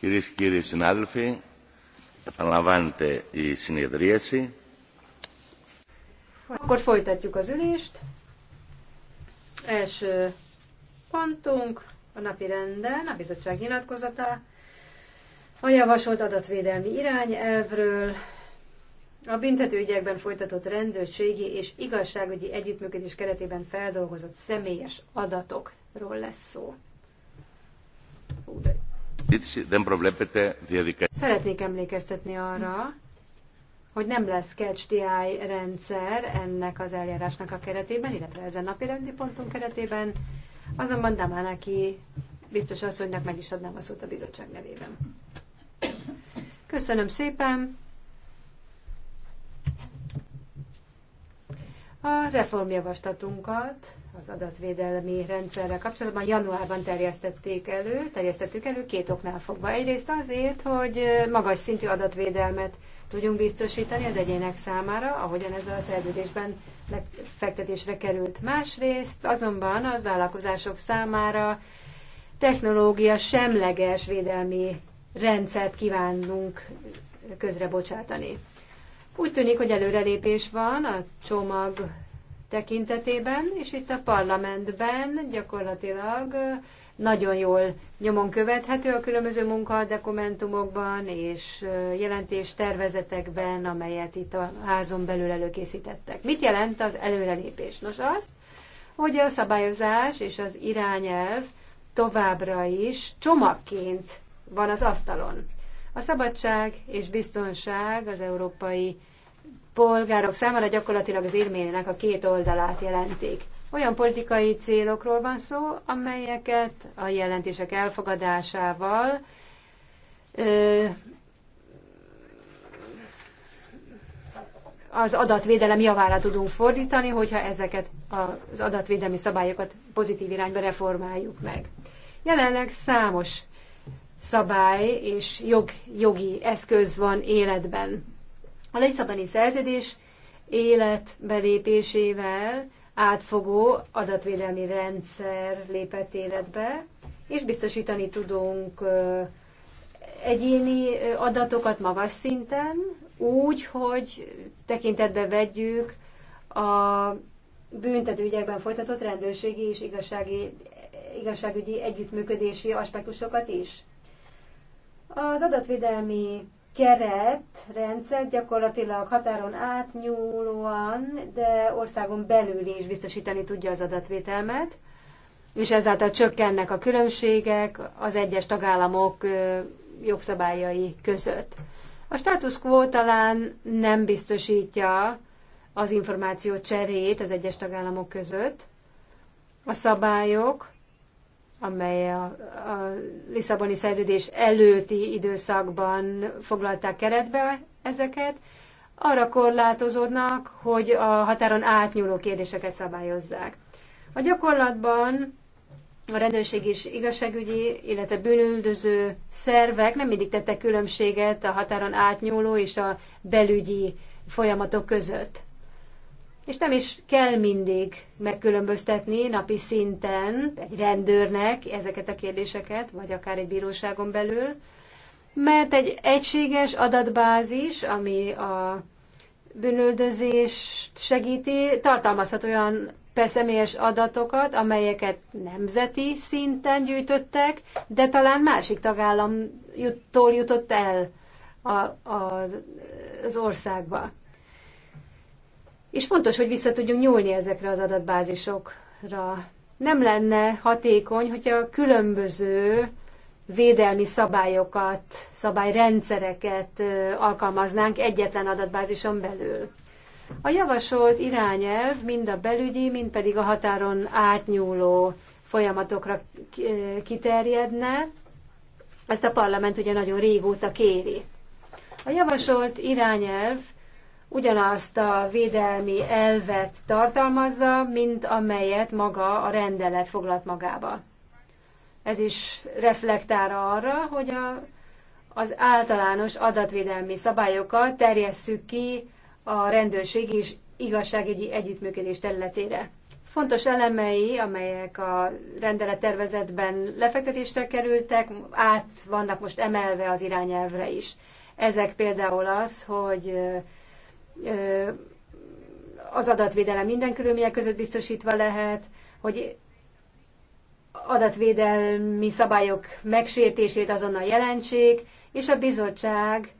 Κυρίες και κύριοι συνάδελφοι, επαναλαμβάνεται η συνεδρίαση. Akkor folytatjuk az ülést. Első pontunk a napi renden, a bizottság nyilatkozata a javasolt adatvédelmi irányelvről, a büntetőügyekben folytatott rendőrségi és igazságügyi együttműködés keretében feldolgozott személyes adatokról lesz szó. Ú, de Szeretnék emlékeztetni arra, hogy nem lesz catch DI rendszer ennek az eljárásnak a keretében, illetve ezen napi rendi pontunk keretében, azonban Damanaki biztos asszonynak meg is adnám a szót a bizottság nevében. Köszönöm szépen! A reformjavaslatunkat az adatvédelmi rendszerrel kapcsolatban januárban terjesztették elő, terjesztettük elő két oknál fogva. Egyrészt azért, hogy magas szintű adatvédelmet tudjunk biztosítani az egyének számára, ahogyan ez a szerződésben fektetésre került. Másrészt azonban az vállalkozások számára technológia semleges védelmi rendszert kívánunk közrebocsátani. Úgy tűnik, hogy előrelépés van a csomag tekintetében, és itt a parlamentben gyakorlatilag nagyon jól nyomon követhető a különböző munkadokumentumokban és jelentéstervezetekben, amelyet itt a házon belül előkészítettek. Mit jelent az előrelépés? Nos, azt, hogy a szabályozás és az irányelv továbbra is csomagként van az asztalon. A szabadság és biztonság az európai polgárok számára gyakorlatilag az élménynek a két oldalát jelentik. Olyan politikai célokról van szó, amelyeket a jelentések elfogadásával az adatvédelem javára tudunk fordítani, hogyha ezeket az adatvédelmi szabályokat pozitív irányba reformáljuk meg. Jelenleg számos szabály és jog, jogi eszköz van életben a Lisszaboni szerződés életbelépésével átfogó adatvédelmi rendszer lépett életbe, és biztosítani tudunk egyéni adatokat magas szinten, úgy, hogy tekintetbe vegyük a büntető ügyekben folytatott rendőrségi és igazsági, igazságügyi együttműködési aspektusokat is. Az adatvédelmi keretrendszer gyakorlatilag határon átnyúlóan, de országon belül is biztosítani tudja az adatvételmet, és ezáltal csökkennek a különbségek az egyes tagállamok jogszabályai között. A status quo talán nem biztosítja az információ cserét az egyes tagállamok között. A szabályok amely a, a Lisszaboni szerződés előtti időszakban foglalták keretbe ezeket, arra korlátozódnak, hogy a határon átnyúló kérdéseket szabályozzák. A gyakorlatban a rendőrség és igazságügyi, illetve bűnüldöző szervek nem mindig tettek különbséget a határon átnyúló és a belügyi folyamatok között és nem is kell mindig megkülönböztetni napi szinten egy rendőrnek ezeket a kérdéseket, vagy akár egy bíróságon belül, mert egy egységes adatbázis, ami a bűnöldözést segíti, tartalmazhat olyan személyes adatokat, amelyeket nemzeti szinten gyűjtöttek, de talán másik tagállamtól jutott el a, a, az országba. És fontos, hogy vissza tudjunk nyúlni ezekre az adatbázisokra. Nem lenne hatékony, hogyha különböző védelmi szabályokat, szabályrendszereket alkalmaznánk egyetlen adatbázison belül. A javasolt irányelv mind a belügyi, mind pedig a határon átnyúló folyamatokra kiterjedne. Ezt a parlament ugye nagyon régóta kéri. A javasolt irányelv ugyanazt a védelmi elvet tartalmazza, mint amelyet maga a rendelet foglalt magába. Ez is reflektál arra, hogy a, az általános adatvédelmi szabályokat terjesszük ki a rendőrség és igazságügyi együttműködés területére. Fontos elemei, amelyek a rendelettervezetben lefektetésre kerültek, át vannak most emelve az irányelvre is. Ezek például az, hogy az adatvédelem minden körülmények között biztosítva lehet, hogy adatvédelmi szabályok megsértését azonnal jelentsék, és a bizottság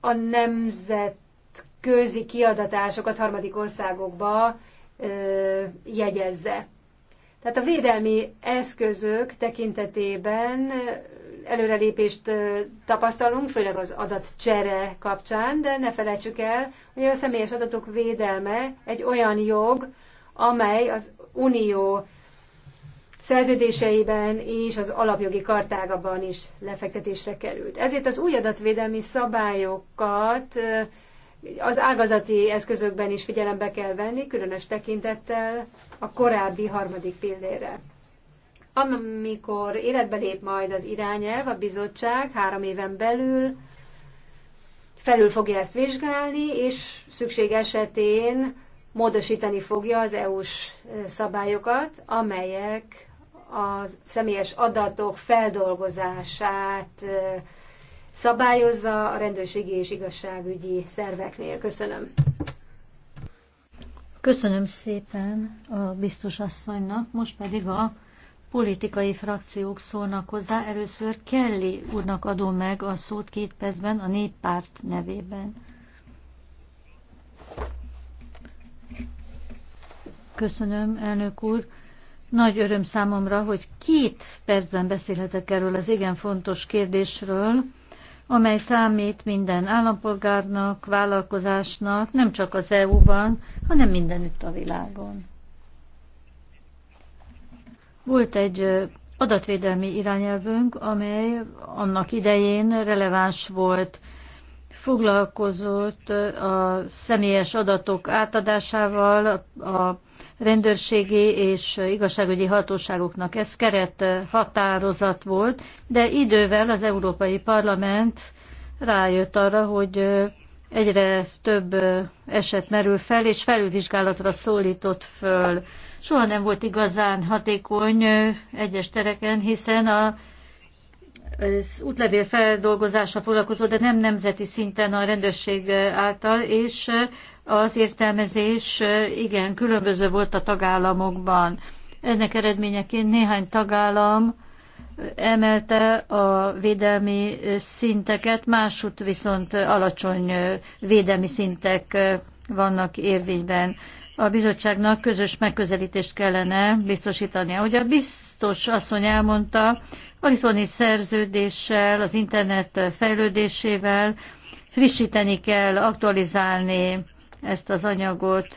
a nemzetközi kiadatásokat harmadik országokba ö, jegyezze. Tehát a védelmi eszközök tekintetében előrelépést tapasztalunk, főleg az adatcsere kapcsán, de ne felejtsük el, hogy a személyes adatok védelme egy olyan jog, amely az Unió szerződéseiben és az alapjogi kartágaban is lefektetésre került. Ezért az új adatvédelmi szabályokat az ágazati eszközökben is figyelembe kell venni, különös tekintettel a korábbi harmadik pillére. Amikor életbe lép majd az irányelv, a bizottság három éven belül felül fogja ezt vizsgálni, és szükség esetén módosítani fogja az EU-s szabályokat, amelyek a személyes adatok feldolgozását szabályozza a rendőrségi és igazságügyi szerveknél. Köszönöm. Köszönöm szépen a biztos asszonynak, most pedig a politikai frakciók szólnak hozzá. Először Kelly úrnak adom meg a szót két percben a néppárt nevében. Köszönöm, elnök úr. Nagy öröm számomra, hogy két percben beszélhetek erről az igen fontos kérdésről, amely számít minden állampolgárnak, vállalkozásnak, nem csak az EU-ban, hanem mindenütt a világon. Volt egy adatvédelmi irányelvünk, amely annak idején releváns volt, foglalkozott a személyes adatok átadásával a rendőrségi és igazságügyi hatóságoknak. Ez keret határozat volt, de idővel az Európai Parlament rájött arra, hogy egyre több eset merül fel, és felülvizsgálatra szólított föl soha nem volt igazán hatékony egyes tereken, hiszen a az útlevél feldolgozása foglalkozó, de nem nemzeti szinten a rendőrség által, és az értelmezés igen, különböző volt a tagállamokban. Ennek eredményeként néhány tagállam emelte a védelmi szinteket, másút viszont alacsony védelmi szintek vannak érvényben a bizottságnak közös megközelítést kellene biztosítania. Ahogy a biztos asszony elmondta, a Lisboni szerződéssel, az internet fejlődésével frissíteni kell, aktualizálni ezt az anyagot.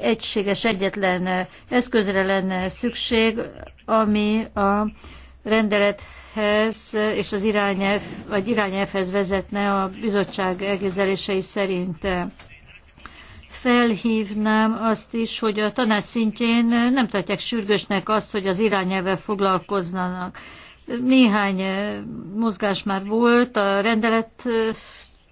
Egységes, egyetlen eszközre lenne szükség, ami a rendelethez és az irányelv, vagy irányelvhez vezetne a bizottság elképzelései szerint felhívnám azt is, hogy a tanács szintjén nem tartják sürgősnek azt, hogy az irányelve foglalkoznának. Néhány eh, mozgás már volt a rendelet eh,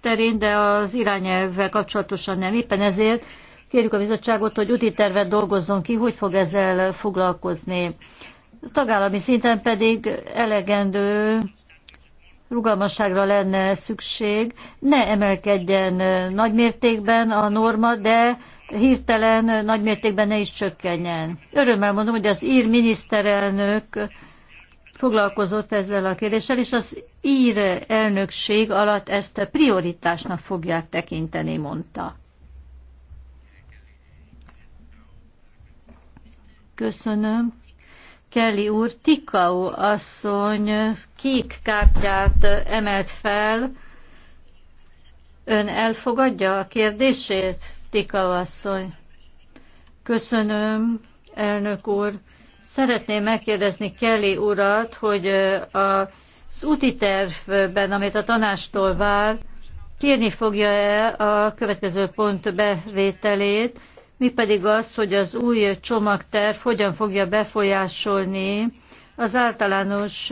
terén, de az irányelvvel kapcsolatosan nem. Éppen ezért kérjük a bizottságot, hogy úti tervet dolgozzon ki, hogy fog ezzel foglalkozni. A tagállami szinten pedig elegendő rugalmasságra lenne szükség. Ne emelkedjen nagy mértékben a norma, de hirtelen nagy mértékben ne is csökkenjen. Örömmel mondom, hogy az ír miniszterelnök foglalkozott ezzel a kérdéssel, és az ír elnökség alatt ezt prioritásnak fogják tekinteni, mondta. Köszönöm. Kelly úr, Tikau asszony kék kártyát emelt fel. Ön elfogadja a kérdését, Tikau asszony? Köszönöm, elnök úr. Szeretném megkérdezni Kelly urat, hogy az úti tervben, amit a tanástól vár, kérni fogja-e a következő pont bevételét, mi pedig az, hogy az új csomagterv hogyan fogja befolyásolni az általános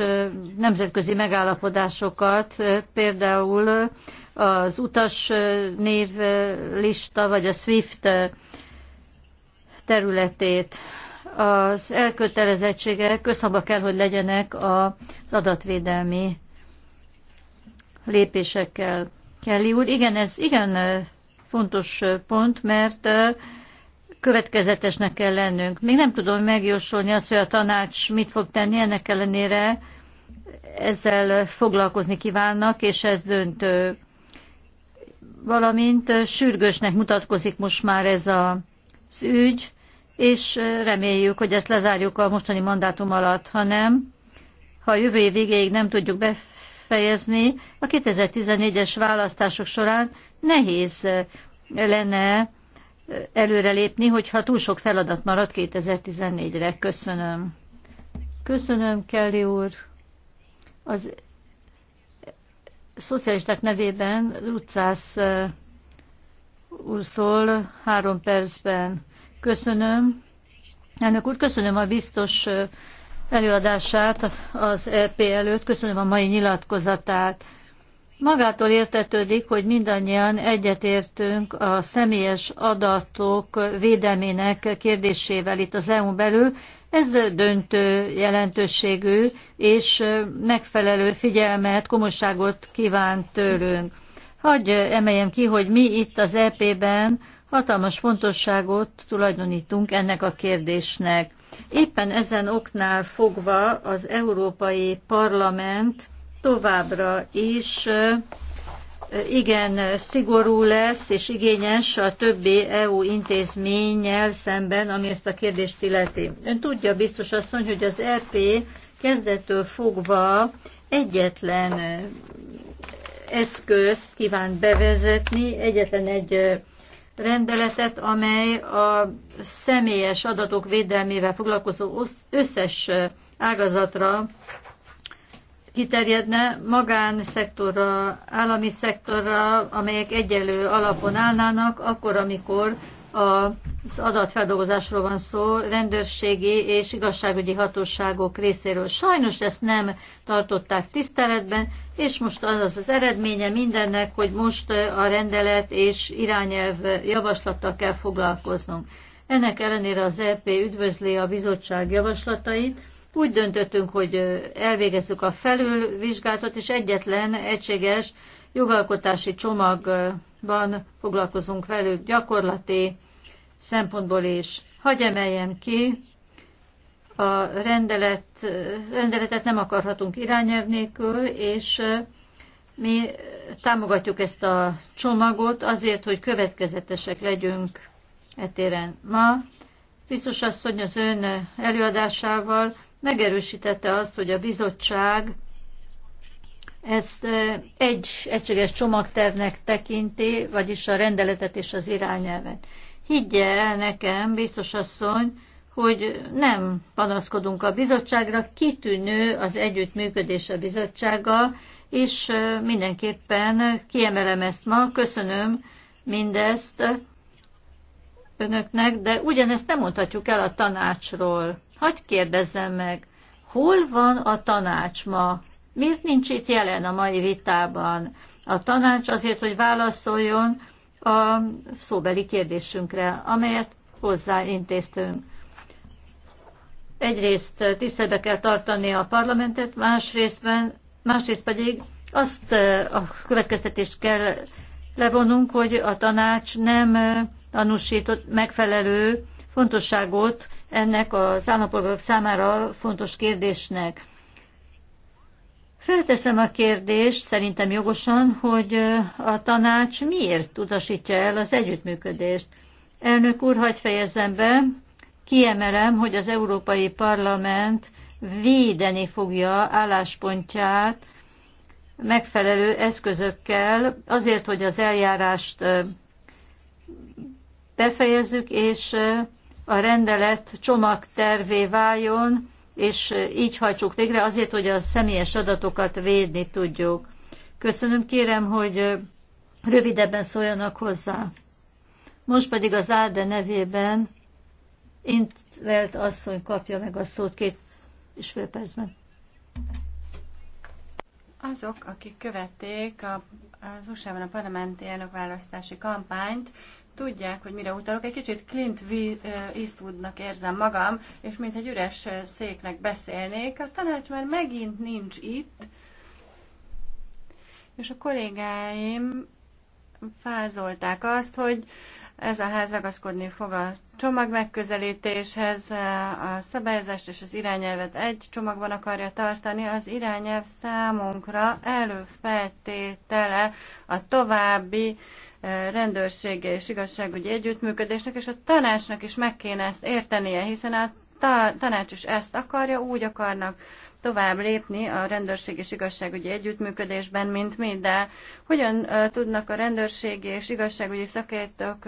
nemzetközi megállapodásokat, például az utas lista, vagy a SWIFT területét. Az elkötelezettségek összhangba kell, hogy legyenek az adatvédelmi lépésekkel. Kelly úr, igen, ez igen fontos pont, mert következetesnek kell lennünk. Még nem tudom megjósolni azt, hogy a tanács mit fog tenni, ennek ellenére ezzel foglalkozni kívánnak, és ez döntő. Valamint sürgősnek mutatkozik most már ez a, az ügy, és reméljük, hogy ezt lezárjuk a mostani mandátum alatt, hanem ha a jövő év végéig nem tudjuk befejezni, a 2014-es választások során nehéz lenne előrelépni, hogyha túl sok feladat marad 2014-re. Köszönöm. Köszönöm, Kelly úr. Az szocialisták nevében Lucász eh, úr szól három percben. Köszönöm. Elnök úr, köszönöm a biztos eh, előadását az EP előtt, köszönöm a mai nyilatkozatát. Magától értetődik, hogy mindannyian egyetértünk a személyes adatok védelmének kérdésével itt az EU-n belül. Ez döntő jelentőségű és megfelelő figyelmet, komosságot kíván tőlünk. Hagy emeljem ki, hogy mi itt az EP-ben hatalmas fontosságot tulajdonítunk ennek a kérdésnek. Éppen ezen oknál fogva az Európai Parlament továbbra is igen szigorú lesz és igényes a többi EU intézménnyel szemben, ami ezt a kérdést illeti. Ön tudja biztos asszony, hogy az EP kezdettől fogva egyetlen eszközt kíván bevezetni, egyetlen egy rendeletet, amely a személyes adatok védelmével foglalkozó összes ágazatra kiterjedne magánszektorra, állami szektorra, amelyek egyelő alapon állnának, akkor, amikor az adatfeldolgozásról van szó, rendőrségi és igazságügyi hatóságok részéről. Sajnos ezt nem tartották tiszteletben, és most az az, az eredménye mindennek, hogy most a rendelet és irányelv javaslattal kell foglalkoznunk. Ennek ellenére az EP üdvözli a bizottság javaslatait, úgy döntöttünk, hogy elvégezzük a felülvizsgálatot, és egyetlen egységes jogalkotási csomagban foglalkozunk velük gyakorlati szempontból is. Hagy emeljem ki, a rendelet, rendeletet nem akarhatunk irányelv nélkül, és mi támogatjuk ezt a csomagot azért, hogy következetesek legyünk etéren. Ma biztos asszony az ön előadásával megerősítette azt, hogy a bizottság ezt egy egységes csomagtervnek tekinti, vagyis a rendeletet és az irányelvet. Higgye el nekem, biztos asszony, hogy nem panaszkodunk a bizottságra, kitűnő az együttműködés a bizottsággal, és mindenképpen kiemelem ezt ma, köszönöm mindezt önöknek, de ugyanezt nem mondhatjuk el a tanácsról hagyd kérdezzem meg, hol van a tanács ma? Miért nincs itt jelen a mai vitában? A tanács azért, hogy válaszoljon a szóbeli kérdésünkre, amelyet hozzáintéztünk. Egyrészt tisztelbe kell tartani a parlamentet, másrésztben, másrészt pedig azt eh, a következtetést kell levonunk, hogy a tanács nem eh, tanúsított megfelelő fontosságot ennek az állampolgárok számára fontos kérdésnek. Felteszem a kérdést, szerintem jogosan, hogy a tanács miért utasítja el az együttműködést. Elnök úr, hagyj fejezzem be, kiemelem, hogy az Európai Parlament védeni fogja álláspontját megfelelő eszközökkel, azért, hogy az eljárást befejezzük, és a rendelet csomagtervé váljon, és így hajtsuk végre azért, hogy a személyes adatokat védni tudjuk. Köszönöm, kérem, hogy rövidebben szóljanak hozzá. Most pedig az Áde nevében Intvelt asszony kapja meg a szót két és fél percben. Azok, akik követték a, az usa a parlamenti elnökválasztási kampányt, tudják, hogy mire utalok. Egy kicsit Clint eh, Eastwoodnak érzem magam, és mint egy üres eh, széknek beszélnék. A tanács már megint nincs itt, és a kollégáim fázolták azt, hogy ez a ház ragaszkodni fog a csomag megközelítéshez, eh, a szabályozást és az irányelvet egy csomagban akarja tartani. Az irányelv számunkra előfeltétele a további rendőrsége és igazságügyi együttműködésnek, és a tanácsnak is meg kéne ezt értenie, hiszen a tanács is ezt akarja, úgy akarnak tovább lépni a rendőrség és igazságügyi együttműködésben, mint mi, de hogyan tudnak a rendőrségi és igazságügyi szakértők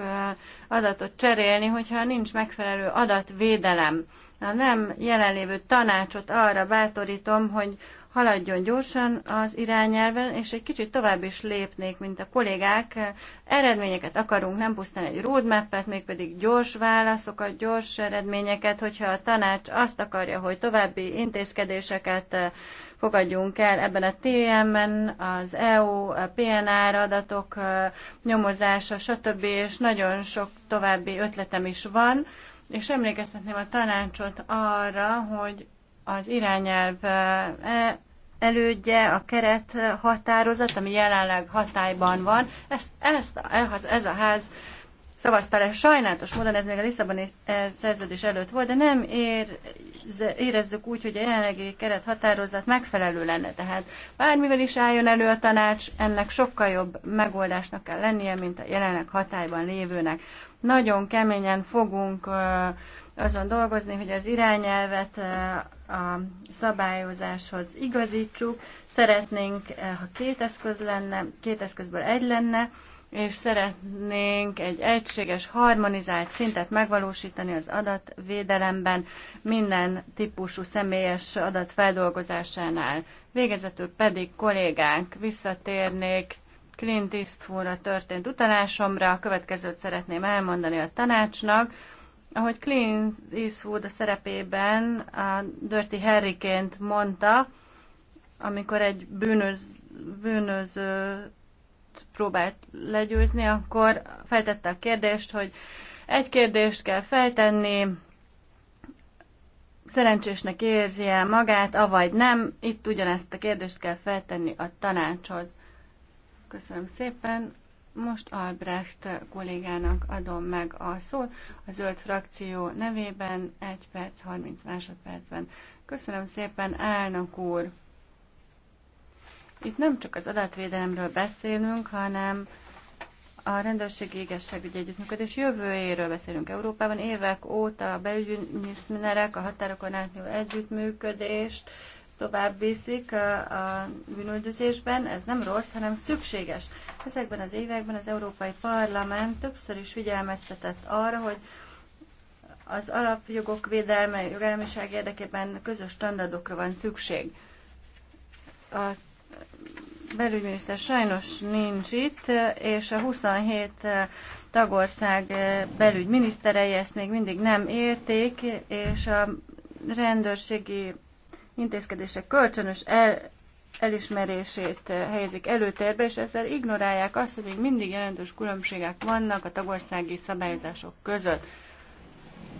adatot cserélni, hogyha nincs megfelelő adatvédelem? A nem jelenlévő tanácsot arra bátorítom, hogy haladjon gyorsan az irányelven, és egy kicsit tovább is lépnék, mint a kollégák. Eredményeket akarunk, nem pusztán egy roadmap-et, mégpedig gyors válaszokat, gyors eredményeket, hogyha a tanács azt akarja, hogy további intézkedéseket eh, fogadjunk el ebben a TM-en, az EU, a PNR adatok eh, nyomozása, stb. és nagyon sok további ötletem is van, és emlékeztetném a tanácsot arra, hogy az irányelv eh, elődje, a keret határozat, ami jelenleg hatályban van, ezt, ezt ez, ez a ház szavazta le. Sajnálatos módon ez még a Lisszaboni eh, szerződés előtt volt, de nem ér, érezzük úgy, hogy a jelenlegi keret határozat megfelelő lenne. Tehát bármivel is álljon elő a tanács, ennek sokkal jobb megoldásnak kell lennie, mint a jelenleg hatályban lévőnek. Nagyon keményen fogunk azon dolgozni, hogy az irányelvet a szabályozáshoz igazítsuk. Szeretnénk, ha két eszköz lenne, két eszközből egy lenne, és szeretnénk egy egységes, harmonizált szintet megvalósítani az adatvédelemben minden típusú személyes adat feldolgozásánál. Végezetül pedig kollégánk visszatérnék Clint Eastwoodra történt utalásomra, a következőt szeretném elmondani a tanácsnak. Ahogy Clint Eastwood a szerepében a Dirty harry mondta, amikor egy bűnöz, bűnözőt próbált legyőzni, akkor feltette a kérdést, hogy egy kérdést kell feltenni, szerencsésnek érzi el magát, avagy nem, itt ugyanezt a kérdést kell feltenni a tanácshoz. Köszönöm szépen. Most Albrecht kollégának adom meg a szót a zöld frakció nevében 1 perc 30 másodpercben. Köszönöm szépen, elnök úr! Itt nem csak az adatvédelemről beszélünk, hanem a rendőrségi igazságügyi együttműködés jövőjéről beszélünk Európában. Évek óta a belügyminiszterek a határokon átnyúló együttműködést tovább viszik a, a bűnöldözésben, ez nem rossz, hanem szükséges. Ezekben az években az Európai Parlament többször is figyelmeztetett arra, hogy az alapjogok védelme, jogállamiság érdekében közös standardokra van szükség. A belügyminiszter sajnos nincs itt, és a 27 tagország belügyminiszterei ezt még mindig nem érték, és a rendőrségi intézkedések kölcsönös el, elismerését eh, helyezik előtérbe, és ezzel ignorálják azt, hogy még mindig jelentős különbségek vannak a tagországi szabályozások között.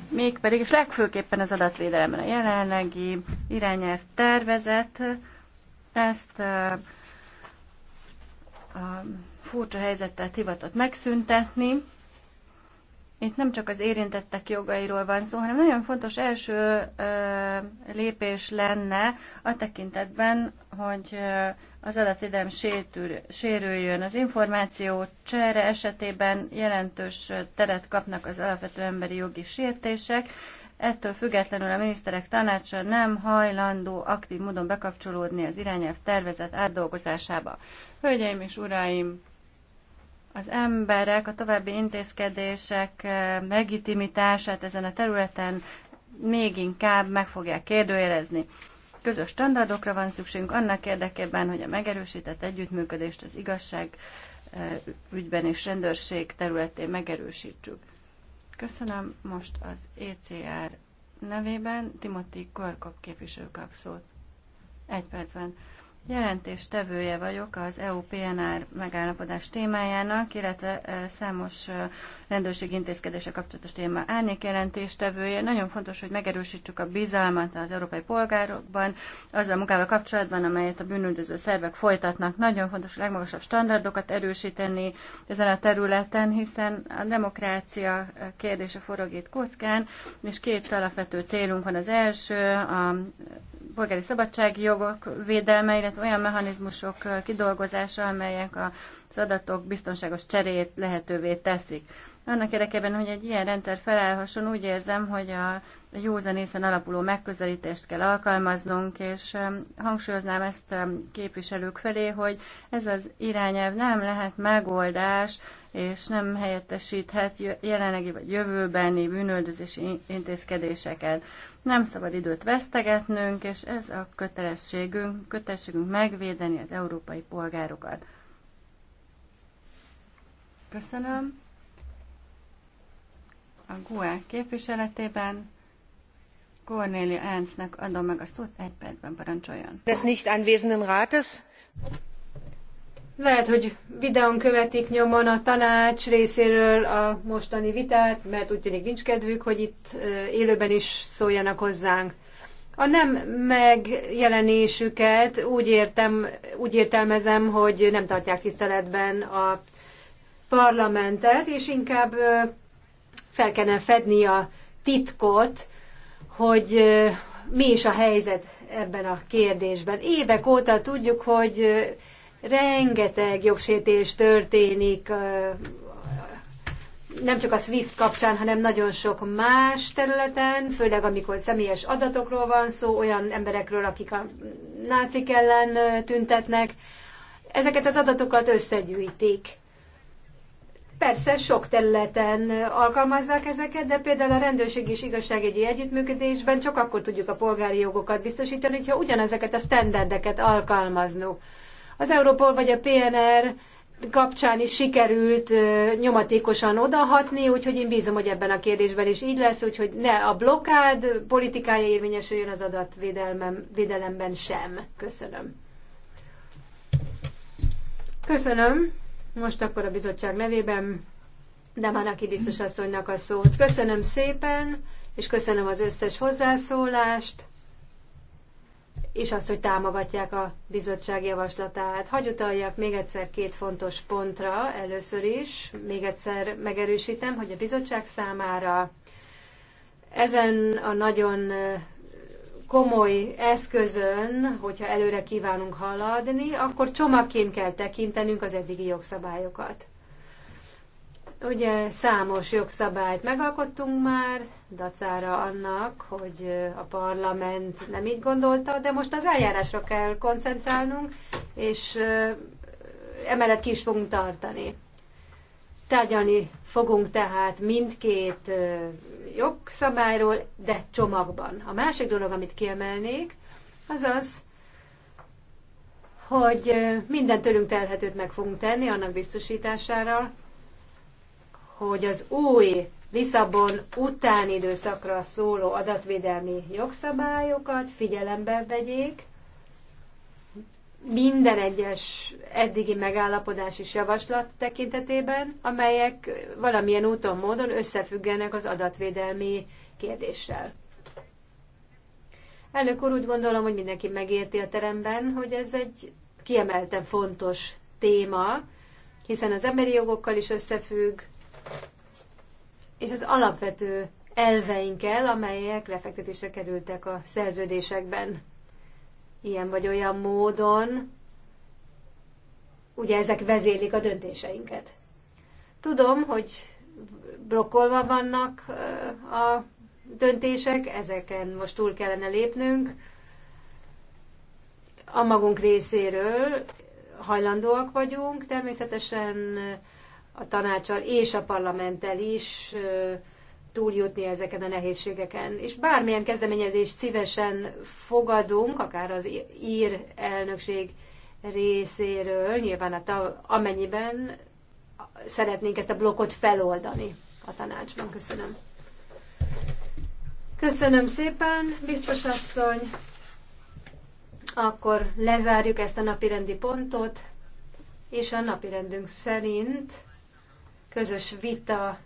Mégpedig, és legfőképpen az adatvédelemre jelenlegi irányelv tervezet ezt eh, a furcsa helyzettel hivatott megszüntetni, itt nem csak az érintettek jogairól van szó, hanem nagyon fontos első ö, lépés lenne a tekintetben, hogy ö, az adatvédelem sérüljön. Az információ csere esetében jelentős teret kapnak az alapvető emberi jogi sértések, Ettől függetlenül a miniszterek tanácsa nem hajlandó aktív módon bekapcsolódni az irányelv tervezet átdolgozásába. Hölgyeim és uraim, az emberek a további intézkedések eh, legitimitását ezen a területen még inkább meg fogják kérdőjelezni. Közös standardokra van szükségünk annak érdekében, hogy a megerősített együttműködést az igazság eh, ügyben és rendőrség területén megerősítsük. Köszönöm most az ECR nevében Timothy Korkop képviselő kap szót. Egy percben. Jelentéstevője vagyok az EU-PNR megállapodás témájának, illetve számos rendőrségi intézkedése kapcsolatos téma árnyék jelentéstevője. Nagyon fontos, hogy megerősítsük a bizalmat az európai polgárokban, azzal a munkával kapcsolatban, amelyet a bűnüldöző szervek folytatnak. Nagyon fontos a legmagasabb standardokat erősíteni ezen a területen, hiszen a demokrácia kérdése forog itt kockán, és két alapvető célunk van. Az első a polgári jogok védelme, illetve olyan mechanizmusok kidolgozása, amelyek az adatok biztonságos cserét lehetővé teszik. Annak érdekében, hogy egy ilyen rendszer felállhasson, úgy érzem, hogy a zenészen alapuló megközelítést kell alkalmaznunk, és um, hangsúlyoznám ezt a um, képviselők felé, hogy ez az irányelv nem lehet megoldás, és nem helyettesíthet jelenlegi vagy jövőbeni bűnöldözési intézkedéseket. Nem szabad időt vesztegetnünk, és ez a kötelességünk, kötelességünk megvédeni az európai polgárokat. Köszönöm. A GUE képviseletében Cornélia Ernstnek adom meg a szót, egy percben parancsoljon. Ez Lehet, hogy videón követik nyomon a tanács részéről a mostani vitát, mert úgy tűnik nincs kedvük, hogy itt élőben is szóljanak hozzánk. A nem megjelenésüket úgy, értem, úgy értelmezem, hogy nem tartják tiszteletben a parlamentet, és inkább fel kellene fedni a titkot, hogy mi is a helyzet ebben a kérdésben. Évek óta tudjuk, hogy rengeteg jogsértés történik, nem csak a SWIFT kapcsán, hanem nagyon sok más területen, főleg amikor személyes adatokról van szó, olyan emberekről, akik a nácik ellen tüntetnek. Ezeket az adatokat összegyűjtik Persze sok területen alkalmazzák ezeket, de például a rendőrség és igazságügyi együttműködésben csak akkor tudjuk a polgári jogokat biztosítani, hogyha ugyanezeket a standardeket alkalmaznunk. Az Europol vagy a PNR kapcsán is sikerült nyomatékosan odahatni, úgyhogy én bízom, hogy ebben a kérdésben is így lesz, úgyhogy ne a blokád politikája érvényesüljön az adatvédelemben sem. Köszönöm. Köszönöm. Most akkor a bizottság nevében de már Damanaki biztos asszonynak a szót. Köszönöm szépen, és köszönöm az összes hozzászólást, és azt, hogy támogatják a bizottság javaslatát. Hagy utaljak még egyszer két fontos pontra először is. Még egyszer megerősítem, hogy a bizottság számára ezen a nagyon komoly eszközön, hogyha előre kívánunk haladni, akkor csomagként kell tekintenünk az eddigi jogszabályokat. Ugye számos jogszabályt megalkottunk már, dacára annak, hogy a parlament nem így gondolta, de most az eljárásra kell koncentrálnunk, és emellett ki is fogunk tartani. Tárgyalni fogunk tehát mindkét jogszabályról, de csomagban. A másik dolog, amit kiemelnék, az az, hogy minden tőlünk telhetőt meg fogunk tenni annak biztosítására, hogy az új Lisszabon utáni időszakra szóló adatvédelmi jogszabályokat figyelembe vegyék, minden egyes eddigi megállapodás és javaslat tekintetében, amelyek valamilyen úton, módon összefüggenek az adatvédelmi kérdéssel. Elnök úr, úgy gondolom, hogy mindenki megérti a teremben, hogy ez egy kiemelten fontos téma, hiszen az emberi jogokkal is összefügg, és az alapvető elveinkkel, amelyek lefektetésre kerültek a szerződésekben ilyen vagy olyan módon, ugye ezek vezérlik a döntéseinket. Tudom, hogy blokkolva vannak a döntések, ezeken most túl kellene lépnünk. A magunk részéről hajlandóak vagyunk, természetesen a tanácsal és a parlamenttel is túljutni ezeken a nehézségeken. És bármilyen kezdeményezést szívesen fogadunk, akár az ír elnökség részéről, nyilván hát amennyiben szeretnénk ezt a blokkot feloldani a tanácsban. Köszönöm. Köszönöm szépen, biztos asszony. Akkor lezárjuk ezt a napirendi pontot, és a napirendünk szerint közös vita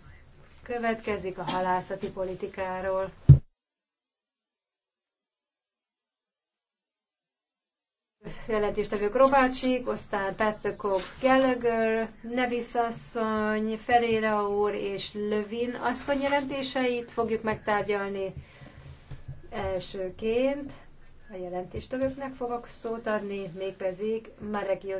Következik a halászati politikáról. jelentéstevők Robácsik, aztán Pettekok Gallagher, Nevis asszony, Ferére úr és Lövin asszony jelentéseit fogjuk megtárgyalni elsőként. A jelentéstevőknek fogok szót adni, mégpedig Marek